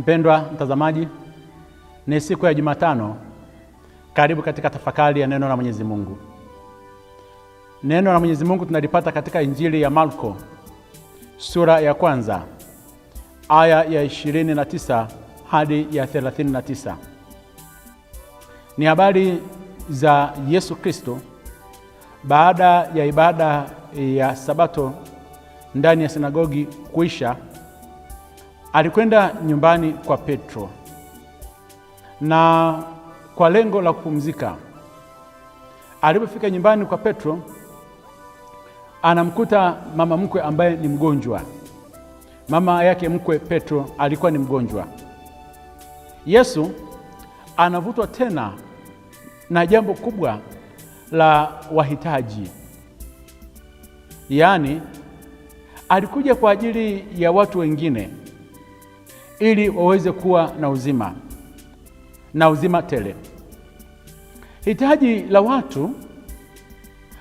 Mpendwa mtazamaji, ni siku ya Jumatano. Karibu katika tafakari ya neno la Mwenyezi Mungu. Neno la Mwenyezi Mungu tunalipata katika Injili ya Marko sura ya kwanza aya ya 29 hadi ya 39. Ni habari za Yesu Kristo baada ya ibada ya Sabato ndani ya sinagogi kuisha alikwenda nyumbani kwa Petro na kwa lengo la kupumzika. Alipofika nyumbani kwa Petro, anamkuta mama mkwe ambaye ni mgonjwa. Mama yake mkwe Petro alikuwa ni mgonjwa. Yesu anavutwa tena na jambo kubwa la wahitaji, yaani alikuja kwa ajili ya watu wengine ili waweze kuwa na uzima na uzima tele. Hitaji la watu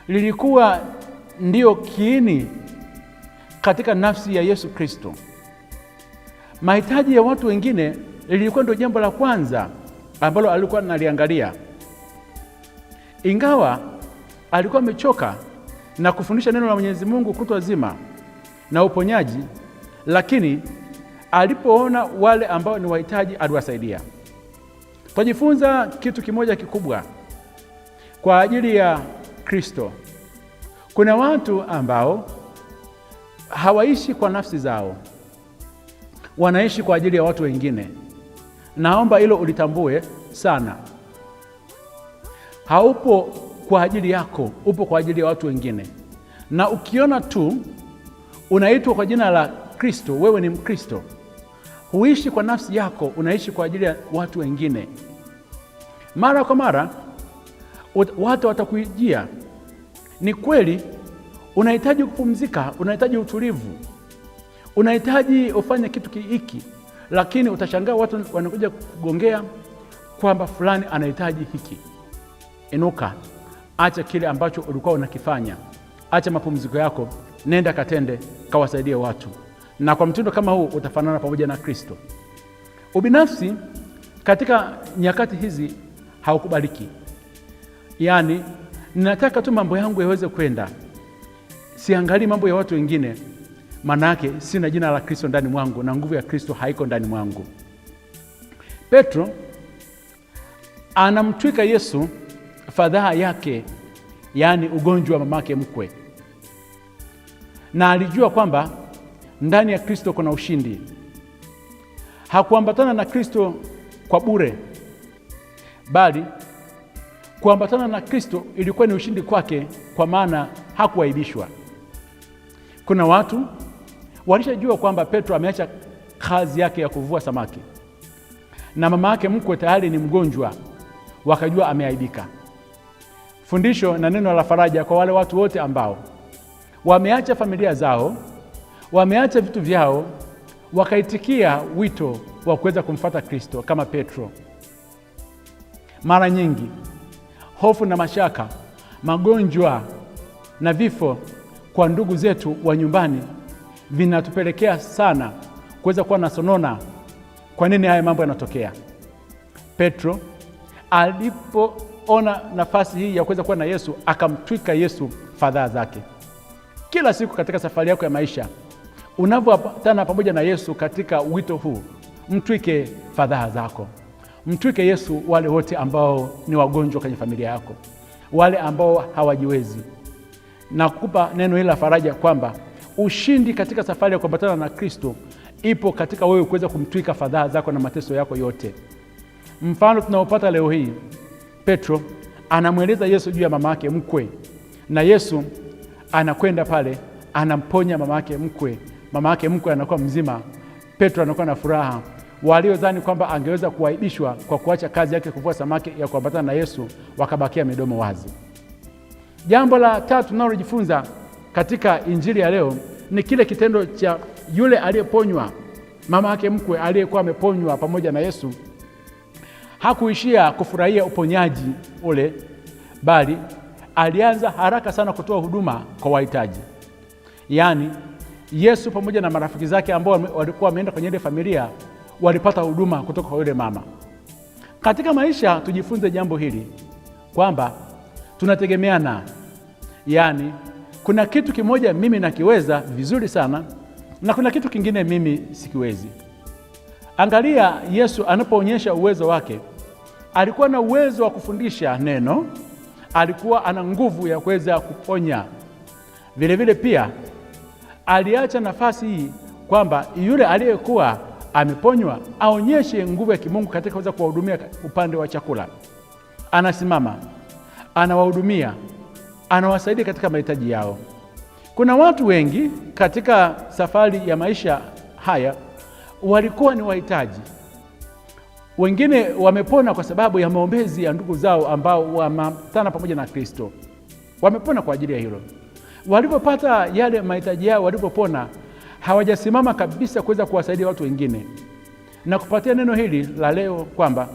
lilikuwa ndiyo kiini katika nafsi ya Yesu Kristo. Mahitaji ya watu wengine lilikuwa ndio jambo la kwanza ambalo alikuwa analiangalia, ingawa alikuwa amechoka na kufundisha neno la Mwenyezi Mungu kutwa zima na uponyaji, lakini alipoona wale ambao ni wahitaji aliwasaidia. Twajifunza kitu kimoja kikubwa kwa ajili ya Kristo. Kuna watu ambao hawaishi kwa nafsi zao, wanaishi kwa ajili ya watu wengine. Naomba hilo ulitambue sana. Haupo kwa ajili yako, upo kwa ajili ya watu wengine. Na ukiona tu unaitwa kwa jina la Kristo, wewe ni Mkristo. Huishi kwa nafsi yako, unaishi kwa ajili ya watu wengine. Mara kwa mara watu watakujia. Ni kweli unahitaji kupumzika, unahitaji utulivu, unahitaji ufanye kitu hiki, lakini utashangaa watu wanakuja kugongea kwamba fulani anahitaji hiki. Inuka, acha kile ambacho ulikuwa unakifanya, acha mapumziko yako, nenda katende, kawasaidie watu na kwa mtindo kama huu utafanana pamoja na Kristo. Ubinafsi katika nyakati hizi haukubaliki, yaani ninataka tu mambo yangu yaweze kwenda, siangalii mambo ya watu wengine. Maana yake sina jina la Kristo ndani mwangu na nguvu ya Kristo haiko ndani mwangu. Petro anamtwika Yesu fadhaa yake, yaani ugonjwa wa mamake mkwe, na alijua kwamba ndani ya Kristo kuna ushindi. Hakuambatana na Kristo kwa bure, bali kuambatana na Kristo ilikuwa ni ushindi kwake, kwa maana hakuaibishwa. Kuna watu walishajua kwamba Petro ameacha kazi yake ya kuvua samaki na mama yake mkwe tayari ni mgonjwa, wakajua ameaibika. Fundisho na neno la faraja kwa wale watu wote ambao wameacha familia zao wameacha vitu vyao wakaitikia wito wa kuweza kumfuata Kristo kama Petro. Mara nyingi hofu na mashaka, magonjwa na vifo kwa ndugu zetu wa nyumbani vinatupelekea sana kuweza kuwa na sonona. Kwa nini haya mambo yanatokea? Petro alipoona nafasi hii ya kuweza kuwa na Yesu, akamtwika Yesu fadhaa zake. Kila siku katika safari yako ya maisha Unapopatana pamoja na Yesu katika wito huu, mtwike fadhaa zako, mtwike Yesu wale wote ambao ni wagonjwa kwenye familia yako, wale ambao hawajiwezi, na kukupa neno hili la faraja kwamba ushindi katika safari ya kuambatana na Kristo ipo katika wewe kuweza kumtwika fadhaa zako na mateso yako yote. Mfano tunaopata leo hii, Petro anamweleza Yesu juu ya mama yake mkwe, na Yesu anakwenda pale, anamponya mama yake mkwe mama yake mkwe anakuwa mzima, Petro anakuwa na furaha. Waliodhani kwamba angeweza kuaibishwa kwa kuacha kazi yake kuvua samaki ya kuambatana na Yesu wakabakia midomo wazi. Jambo la tatu tunalojifunza katika injili ya leo ni kile kitendo cha yule aliyeponywa, mama yake mkwe aliyekuwa ameponywa pamoja na Yesu. Hakuishia kufurahia uponyaji ule, bali alianza haraka sana kutoa huduma kwa wahitaji, yaani Yesu pamoja na marafiki zake ambao walikuwa wameenda kwenye ile familia walipata huduma kutoka kwa yule mama. Katika maisha tujifunze jambo hili kwamba tunategemeana, yaani kuna kitu kimoja mimi nakiweza vizuri sana na kuna kitu kingine mimi sikiwezi. Angalia Yesu anapoonyesha uwezo wake, alikuwa na uwezo wa kufundisha neno, alikuwa ana nguvu ya kuweza kuponya vilevile vile pia aliacha nafasi hii kwamba yule aliyekuwa ameponywa aonyeshe nguvu ya kimungu katika kuweza kuwahudumia. Upande wa chakula, anasimama anawahudumia, anawasaidia katika mahitaji yao. Kuna watu wengi katika safari ya maisha haya walikuwa ni wahitaji, wengine wamepona kwa sababu ya maombezi ya ndugu zao ambao wamatana pamoja na Kristo, wamepona kwa ajili ya hilo. Walipopata yale mahitaji yao, walipopona, hawajasimama kabisa kuweza kuwasaidia watu wengine. Na kupatia neno hili la leo kwamba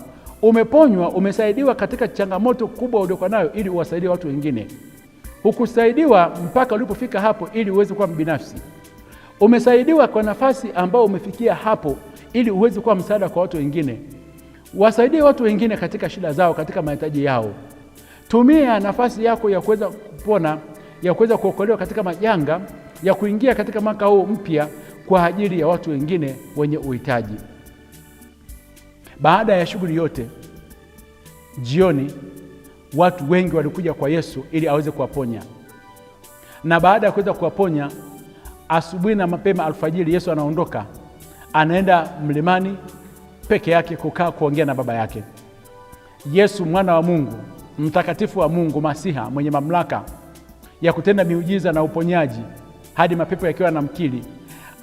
umeponywa, umesaidiwa katika changamoto kubwa uliokuwa nayo, ili uwasaidie watu wengine. Hukusaidiwa mpaka ulipofika hapo, ili uweze kuwa mbinafsi. Umesaidiwa kwa nafasi ambayo umefikia hapo, ili uweze kuwa msaada kwa watu wengine. Wasaidie watu wengine katika shida zao, katika mahitaji yao. Tumia nafasi yako ya kuweza kupona ya kuweza kuokolewa katika majanga, ya kuingia katika mwaka huu mpya kwa ajili ya watu wengine wenye uhitaji. Baada ya shughuli yote, jioni, watu wengi walikuja kwa Yesu ili aweze kuwaponya, na baada ya kuweza kuwaponya, asubuhi na mapema alfajiri, Yesu anaondoka anaenda mlimani peke yake kukaa kuongea na Baba yake. Yesu mwana wa Mungu, mtakatifu wa Mungu, Masiha mwenye mamlaka ya kutenda miujiza na uponyaji hadi mapepo yakiwa na mkili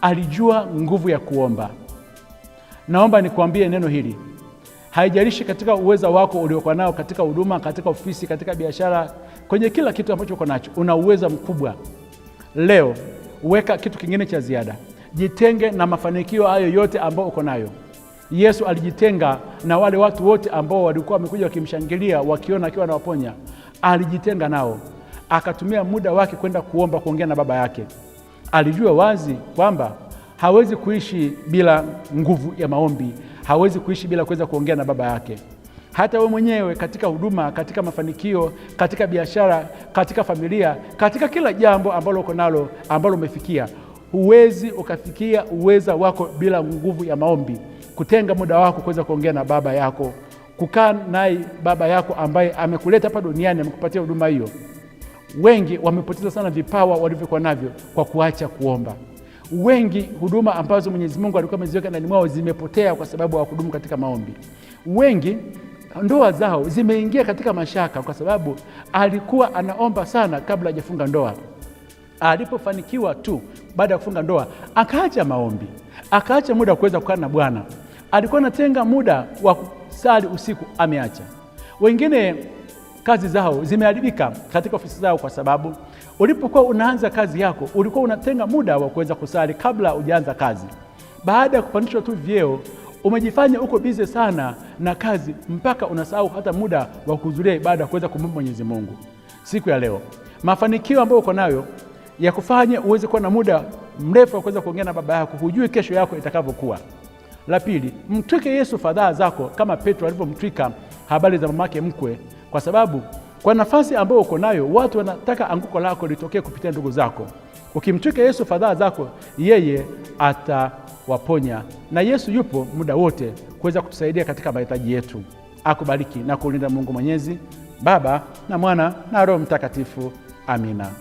alijua nguvu ya kuomba. Naomba nikuambie neno hili, haijalishi katika uwezo wako uliokuwa nao katika huduma, katika ofisi, katika biashara, kwenye kila kitu ambacho uko nacho, una uwezo mkubwa. Leo weka kitu kingine cha ziada, jitenge na mafanikio hayo yote ambayo uko nayo. Yesu alijitenga na wale watu wote ambao walikuwa wamekuja wakimshangilia, wakiona akiwa anawaponya. Alijitenga nao akatumia muda wake kwenda kuomba, kuongea na baba yake. Alijua wazi kwamba hawezi kuishi bila nguvu ya maombi, hawezi kuishi bila kuweza kuongea na baba yake. Hata wewe mwenyewe katika huduma, katika mafanikio, katika biashara, katika familia, katika kila jambo ambalo uko nalo, ambalo umefikia, huwezi ukafikia uweza wako bila nguvu ya maombi, kutenga muda wako kuweza kuongea na baba yako, kukaa naye baba yako ambaye amekuleta hapa duniani, amekupatia huduma hiyo. Wengi wamepoteza sana vipawa walivyokuwa navyo kwa kuacha kuomba. Wengi huduma ambazo Mwenyezi Mungu alikuwa ameziweka ndani mwao zimepotea kwa sababu hawakudumu katika maombi. Wengi ndoa zao zimeingia katika mashaka kwa sababu alikuwa anaomba sana kabla hajafunga ndoa. Alipofanikiwa tu baada ya kufunga ndoa, akaacha maombi, akaacha muda wa kuweza kukaa na Bwana. Alikuwa anatenga muda wa kusali usiku, ameacha. Wengine kazi zao zimeharibika katika ofisi zao, kwa sababu ulipokuwa unaanza kazi yako ulikuwa unatenga muda wa kuweza kusali kabla hujaanza kazi. Baada ya kupandishwa tu vyeo, umejifanya uko bize sana na kazi mpaka unasahau hata muda wa kuhudhuria ibada, kuweza kumwomba Mwenyezi Mungu. Siku ya leo mafanikio ambayo uko nayo ya kufanya uweze kuwa na muda mrefu wa kuweza kuongea na baba yako, hujui kesho yako itakavyokuwa. La pili, mtwike Yesu fadhaa zako kama Petro alivyomtwika habari za mamake mkwe kwa sababu kwa nafasi ambayo uko nayo watu wanataka anguko lako litokee kupitia ndugu zako. Ukimtwika Yesu fadhaa zako, yeye atawaponya, na Yesu yupo muda wote kuweza kutusaidia katika mahitaji yetu. Akubariki na kulinda Mungu Mwenyezi, Baba na Mwana na Roho Mtakatifu. Amina.